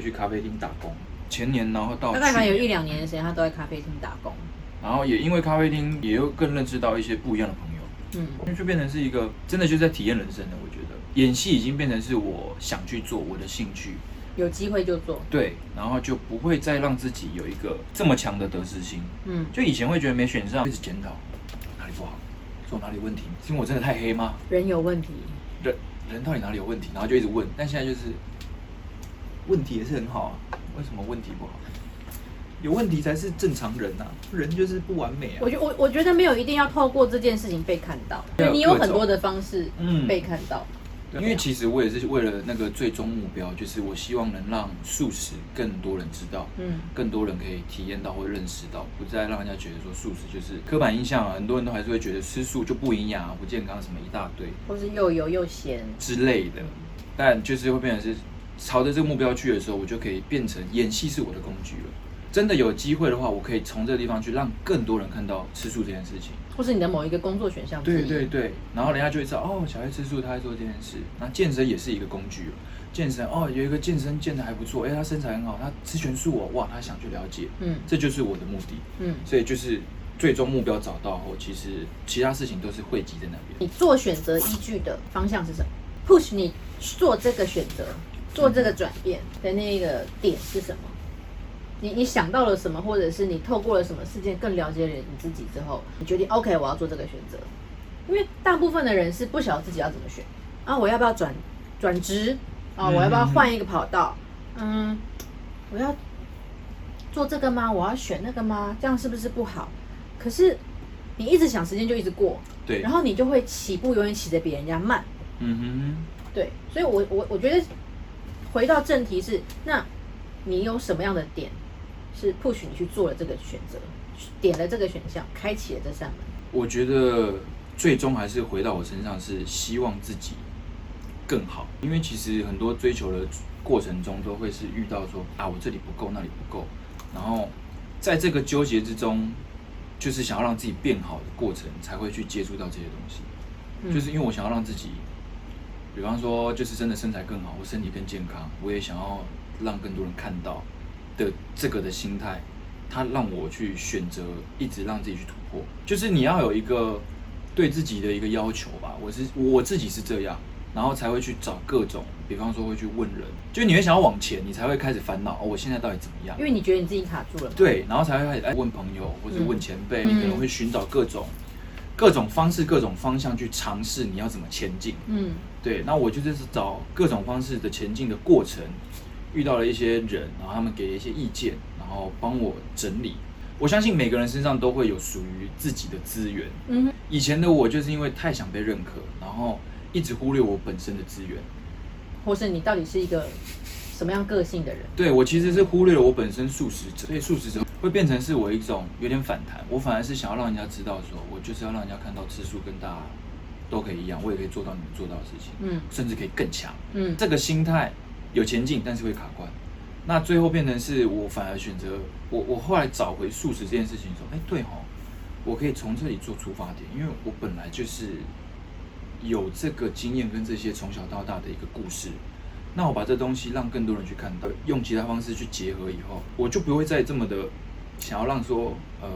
去咖啡廳打工，前年然後到大概有一兩年的時間，他都在咖啡廳打工，然後也因為咖啡廳，也又更認識到一些不一樣的朋友，嗯，那就變成是一個真的就是在體驗人生的。我覺得演戲已經變成是我想去做我的興趣，有機會就做，對，然後就不會再讓自己有一個這麼強的得失心，嗯，就以前會覺得沒選上，一直檢討哪裡不好，做哪裡問題，是因為我真的太黑嗎？人有問題，人人到底哪裡有問題？然後就一直問，但現在就是。問題也是很好啊，為什麼問題不好？有問題才是正常人吶，啊，人就是不完美啊。我覺我我覺得沒有一定要透過這件事情被看到，因為你有很多的方式，嗯，被看到，嗯，被看到。因為其實我也是為了那個最終目標，就是我希望能讓素食更多人知道，嗯，更多人可以體驗到或認識到，不再讓人家覺得說素食就是刻板印象啊，很多人都還是會覺得吃素就不營養、不健康什麼一大堆，或是悠悠，又油又鹹之類的，但就是會變成是。朝着這個目標去的時候，我就可以變成演戲是我的工具了。真的有機會的話，我可以從這個地方去讓更多人看到吃素這件事情，或是你的某一個工作選項。對對對，嗯、然後人家就會知道哦，小黑吃素，他在做這件事。那健身也是一個工具、哦、健身哦，有一個健身健得還不錯，哎，他身材很好，他吃全素哦，哇，他想去了解。嗯，這就是我的目的。嗯，所以就是最終目標找到後，其實其他事情都是匯集在那邊。你做選擇依據的方向是什麼？Push 你做這個選擇。做這個轉變的那個點是什麼？你你想到了什麼，或者是你透過了什麼事件更了解了你自己之後，你決定 OK，我要做這個選擇。因為大部分的人是不曉得自己要怎麼選啊，我要不要轉轉職啊？我要不要換一個跑道？嗯，我要做這個嗎？我要選那個嗎？這樣是不是不好？可是你一直想，時間就一直過，對，然後你就會起步永遠起得比人家慢。嗯哼，對，所以我，我我我覺得。回到正題是，那你有什麼樣的點是 push 你去做了這個選擇，點了這個選項，開啟了這扇門？我覺得最終還是回到我身上，是希望自己更好。因為其實很多追求的過程中，都會是遇到說啊，我這裡不夠，那裡不夠。然後在這個糾結之中，就是想要讓自己變好的過程，才會去接觸到這些東西。嗯，就是因為我想要讓自己。比方說，就是真的身材更好，我身體更健康，我也想要讓更多人看到的這個的心態，它讓我去選擇，一直讓自己去突破。就是你要有一個對自己的一個要求吧，我是我自己是這樣，然後才會去找各種，比方說會去問人，就你會想要往前，你才會開始煩惱，哦，我現在到底怎麼樣？因為你覺得你自己卡住了。對，然後才會開始哎問朋友或者問前輩，你、嗯、可能會尋找各種。各種方式、各種方向去嘗試，你要怎麼前進？嗯，對。那我就是找各種方式的前進的過程，遇到了一些人，然後他們給了一些意見，然後幫我整理。我相信每個人身上都會有屬於自己的資源。嗯，以前的我就是因為太想被認可，然後一直忽略我本身的資源，或是你到底是一個。什麼樣個性的人？對我其實是忽略了我本身素食者，所以素食者會變成是我一種有點反彈。我反而是想要讓人家知道的時候，說我就是要讓人家看到吃素跟大家都可以一樣，我也可以做到你們做到的事情，嗯，甚至可以更強，嗯，這個心態有前進，但是會卡關。那最後變成是我反而選擇我，我後來找回素食這件事情說，哎、欸，對哦，我可以從這裡做出發點，因為我本來就是有這個經驗跟這些從小到大的一個故事。那我把這東西讓更多人去看到，用其他方式去結合以後，我就不會再這麼的想要讓說，呃，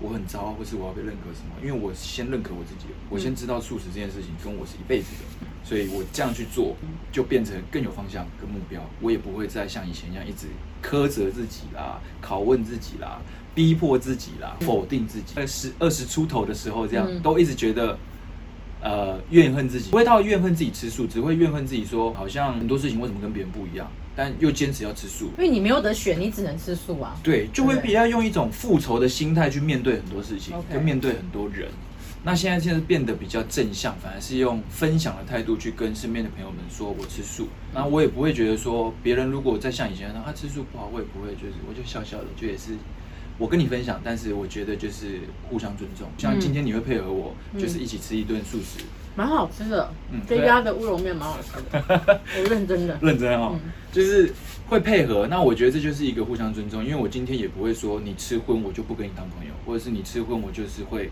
我很糟，或是我要被認可什麼，因為我先認可我自己，我先知道素食這件事情跟我是一輩子的、嗯，所以我這樣去做，就變成更有方向、跟目標，我也不會再像以前一樣一直苛責自己啦、拷問自己啦、逼迫自己啦、否定自己，二十、二十出頭的時候這樣，嗯、都一直覺得。呃，怨恨自己不會到怨恨自己吃素，只會怨恨自己說，好像很多事情為什麼跟別人不一樣，但又堅持要吃素，因為你沒有得選，你只能吃素啊。對，就會比較用一種復仇的心態去面對很多事情，對對對，跟面對很多人、okay。那現在現在變得比較正向，反而是用分享的態度去跟身邊的朋友們說我吃素，那我也不會覺得說，別人如果再像以前那樣，他吃素不好，我也不會，就是我就笑笑的，就也是。我跟你分享，但是我覺得就是互相尊重。像今天你會配合我，嗯、就是一起吃一頓素食，蠻、嗯、好吃的。嗯，這家的烏龍麵蠻好吃的。 我認真的，認真哈、哦嗯，就是會配合。那我覺得這就是一個互相尊重，因為我今天也不會說你吃葷我就不跟你當朋友，或者是你吃葷我就是會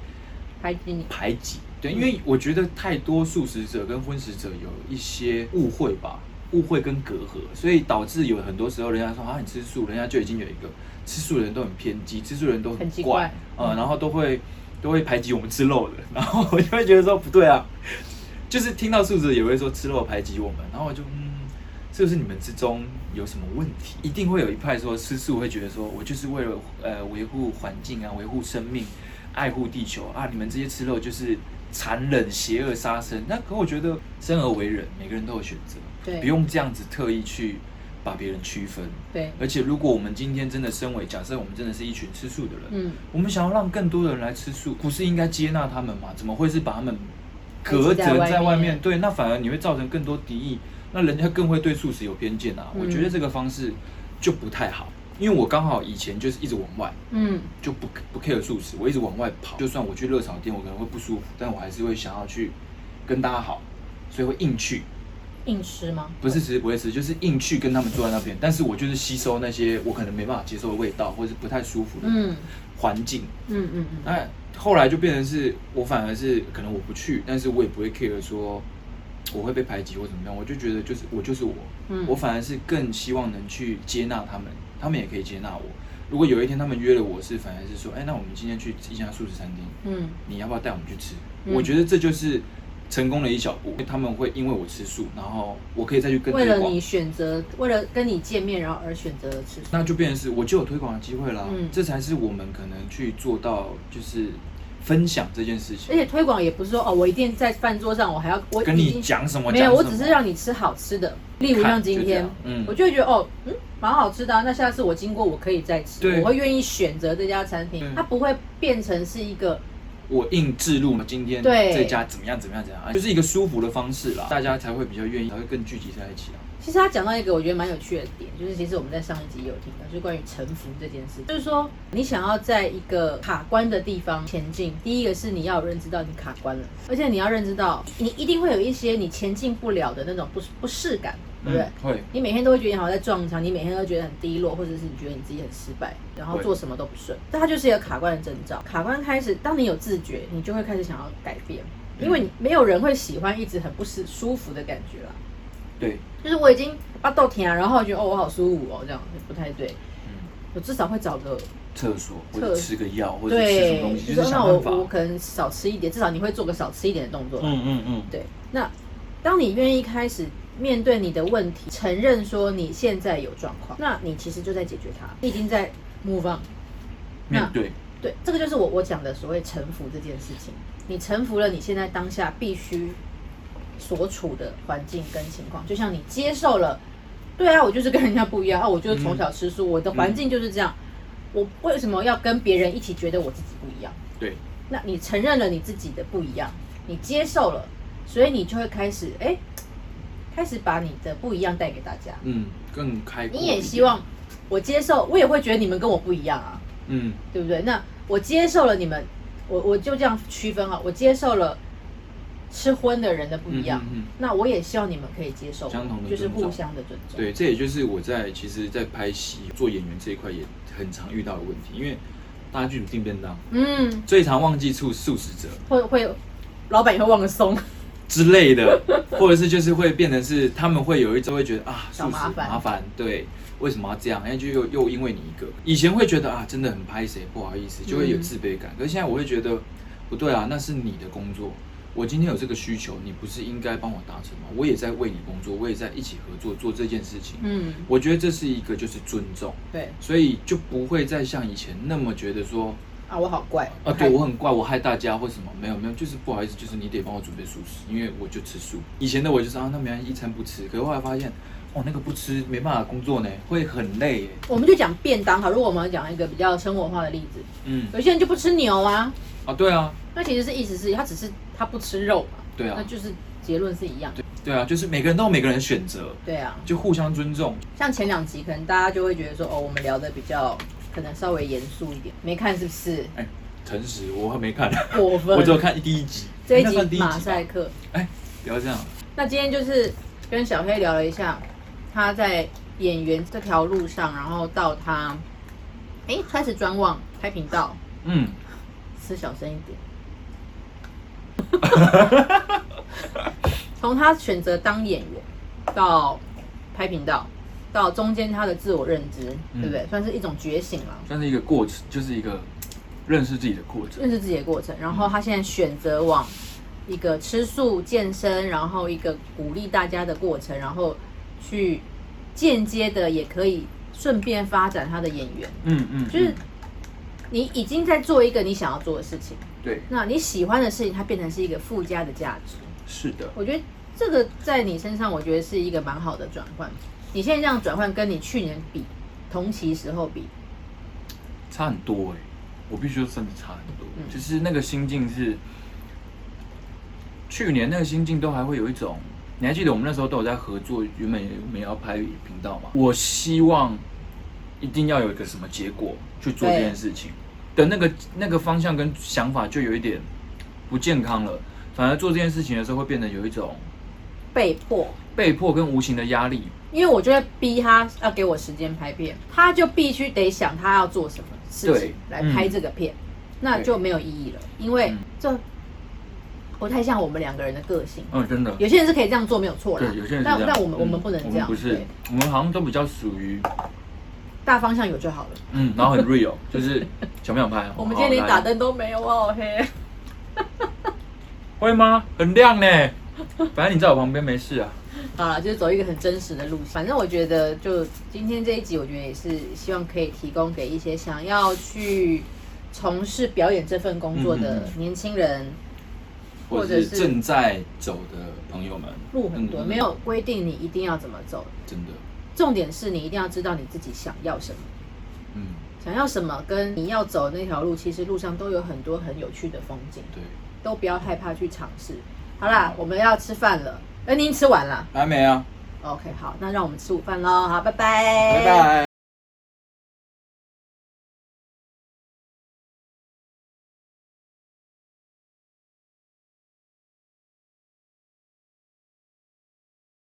排擠你。排擠，對，因為我覺得太多素食者跟葷食者有一些誤會吧。誤會跟隔閡，所以導致有很多時候，人家說啊，你吃素，人家就已經有一個吃素的人都很偏激，吃素的人都很怪，呃、嗯，然後都會都會排擠我們吃肉的，然後我就會覺得說不對啊，就是聽到素食也會說吃肉排擠我們，然後我就嗯，是不是你們之中有什麼問題？一定會有一派說吃素會覺得說我就是為了呃維護環境啊，維護生命，愛護地球啊，你們這些吃肉就是殘忍、邪惡、殺生。那可我覺得生而為人，每個人都有選擇。不用這樣子特意去把別人區分。對，而且如果我們今天真的身為，假設我們真的是一群吃素的人，嗯，我們想要讓更多的人來吃素，不是應該接納他們嗎？怎麼會是把他們隔着在外面，在外面對？那反而你會造成更多敵意，那人家更會對素食有偏見啊，嗯。我覺得這個方式就不太好，因為我剛好以前就是一直往外，嗯，就不不 care 素食，我一直往外跑。就算我去熱炒店，我可能會不舒服，但我還是會想要去跟大家好，所以會硬去。硬吃嗎？不是，只是不會吃，就是硬去跟他們坐在那邊。但是我就是吸收那些我可能沒辦法接受的味道，或者是不太舒服的環境。嗯嗯嗯。那後來就變成是我反而是可能我不去，但是我也不會 care 說我會被排擠或怎麼樣。我就覺得就是我就是我。嗯。我反而是更希望能去接納他們，他們也可以接納我。如果有一天他們約了我是反而是說，哎、欸，那我們今天去一家素食餐廳。嗯。你要不要帶我們去吃，嗯？我覺得這就是。成功了一小步，他們會因為我吃素，然後我可以再去跟。為了你選擇，為了跟你見面，然後而選擇了吃素，那就變成是我就有推廣的機會了。嗯，這才是我們可能去做到，就是分享這件事情。而且推廣也不是說哦，我一定在飯桌上，我還要我跟你講什，講什麼？沒有，我只是讓你吃好吃的。例如像今天，嗯，我就會覺得哦，嗯，蠻好吃的啊。那下次我經過，我可以再吃，對，我會願意選擇這家產品，嗯，它不會變成是一個。我硬置入嘛，今天對這家怎麼樣怎麼樣怎樣，就是一個舒服的方式啦，大家才會比較願意，才會更聚集在一起、啊、其實他講到一個我覺得蠻有趣的點，就是其實我們在上一集有聽到，就是關於臣服這件事，就是說你想要在一個卡關的地方前進，第一個是你要有認知到你卡關了，而且你要認知到你一定會有一些你前進不了的那種不不適感。對,不對、嗯，會。你每天都會覺得你好像在撞牆，你每天都會覺得很低落，或者是你覺得你自己很失敗，然後做什麼都不順，但它就是一個卡關的徵兆。卡關開始，當你有自覺，你就會開始想要改變，嗯、因為你沒有人會喜歡一直很不適舒服的感覺啦。對，就是我已經把豆停了，然後我覺得哦，我好舒服哦，這樣不太對、嗯。我至少會找個廁所廁，或者吃個藥，或者吃什麼東西，就是說那我,、嗯、我可能少吃一點，至少你會做個少吃一點的動作。嗯嗯嗯，對。那當你願意開始。面對你的問題，承認說你現在有狀況，那你其實就在解決它，你已經在 move on。面對，那對，這個就是我我講的所謂臣服這件事情。你臣服了你現在當下必須所處的環境跟情況，就像你接受了，對啊，我就是跟人家不一樣啊，我就是從小吃素，嗯、我的環境就是這樣、嗯，我為什麼要跟別人一起覺得我自己不一樣？對，那你承認了你自己的不一樣，你接受了，所以你就會開始哎。誒開始把你的不一樣帶給大家，嗯，更開。你也希望我接受，我也會覺得你們跟我不一樣啊，嗯，對不對？那我接受了你們，我我就這樣區分啊，我接受了吃葷的人的不一樣，那我也希望你們可以接受，就是互相的尊重。對，這也就是我在其實，在拍戲做演員這一塊也很常遇到的問題，因為大家劇組訂便當，嗯，最常忘記處素食者，會會老闆也會忘了松。之類的，或者是就是會變成是他們會有一周會覺得 啊，是麻煩，麻煩對，為什麼要這樣？然後就又又因為你一個，以前會覺得啊，真的很抱歉不好意思，就會有自卑感。嗯、可是現在我會覺得不對啊，那是你的工作，我今天有這個需求，你不是應該幫我達成嗎？我也在為你工作，我也在一起合作做這件事情。嗯，我覺得這是一個就是尊重，對，所以就不會再像以前那麼覺得說。啊，我好怪啊！我對我很怪，我害大家或什麼？沒有沒有，就是不好意思，就是你得幫我準備素食，因為我就吃素。以前的我就是啊，那每天一餐不吃，可是後來發現，哦，那個不吃沒辦法工作呢，會很累。我們就講便當，好，如果我們講一個比較生活化的例子，嗯，有些人就不吃牛啊。啊，對啊，那其實是意思是他只是他不吃肉嘛。對啊，那就是結論是一樣。對對啊，就是每個人都有每個人的選擇。對啊，就互相尊重。像前兩集可能大家就會覺得說，哦，我們聊得比較。可能稍微嚴肅一點，沒看，是不是？哎，誠實，我還沒看，過分！ 我我就看第一集，這一集馬賽克。哎，不要這樣。那今天就是跟小黑聊了一下，他在演員這條路上，然後到他，哎，開始轉網拍頻道。嗯，吃小聲一點。 從他選擇當演員到拍頻道。到中間，他的自我認知、嗯，對不對？算是一種覺醒了，算是一個過程，就是一個認識自己的過程，認識自己的過程。然後他現在選擇往一個吃素、健身，然後一個鼓勵大家的過程，然後去間接的也可以順便發展他的演員。嗯嗯，嗯，就是你已經在做一個你想要做的事情，對，那你喜歡的事情，它變成是一個附加的價值。是的，我覺得這個在你身上，我覺得是一個蠻好的轉換。你現在這樣轉換，跟你去年比，同期時候比，差很多哎、欸。我必須說真的，差很多。嗯，就是那個心境是，去年那個心境都還會有一種，你還記得我們那時候都有在合作，原本也沒要拍頻道嘛。我希望，一定要有一個什麼結果去做這件事情的那個那個方向跟想法，就有一點不健康了。反而做這件事情的時候，會變得有一種。被迫，被迫跟無形的壓力，因為我就在逼他要給我時間拍片，他就必須得想他要做什麼事情來拍這個片，嗯，那就沒有意義了，因為這、嗯、不太像我們兩個人的個性。嗯，真的，有些人是可以這樣做沒有錯的，有些人，但但我們我們，我們不能這樣，不是，我們好像都比較屬於大方向有就好了。嗯，然後很 real， 就是想不想拍？我們今天連打燈都沒有，哦。嘿， 我好黑。會嗎？很亮呢、欸。反 正你在我旁邊沒事啊。好了，就是走一個很真實的路線。反正我覺得，就今天這一集，我覺得也是希望可以提供給一些想要去從事表演這份工作的年輕人，嗯嗯，或者是正在走的朋友們，路很多，沒有規定你一定要怎麼走。真的。重點是你一定要知道你自己想要什麼。嗯。想要什麼跟你要走的那條路，其實路上都有很多很有趣的風景。對。都不要害怕去嘗試。好啦好，我們要吃飯了。哎、欸，您吃完了？還沒啊。OK，好，那讓我們吃午飯嘍。好，拜拜，拜拜。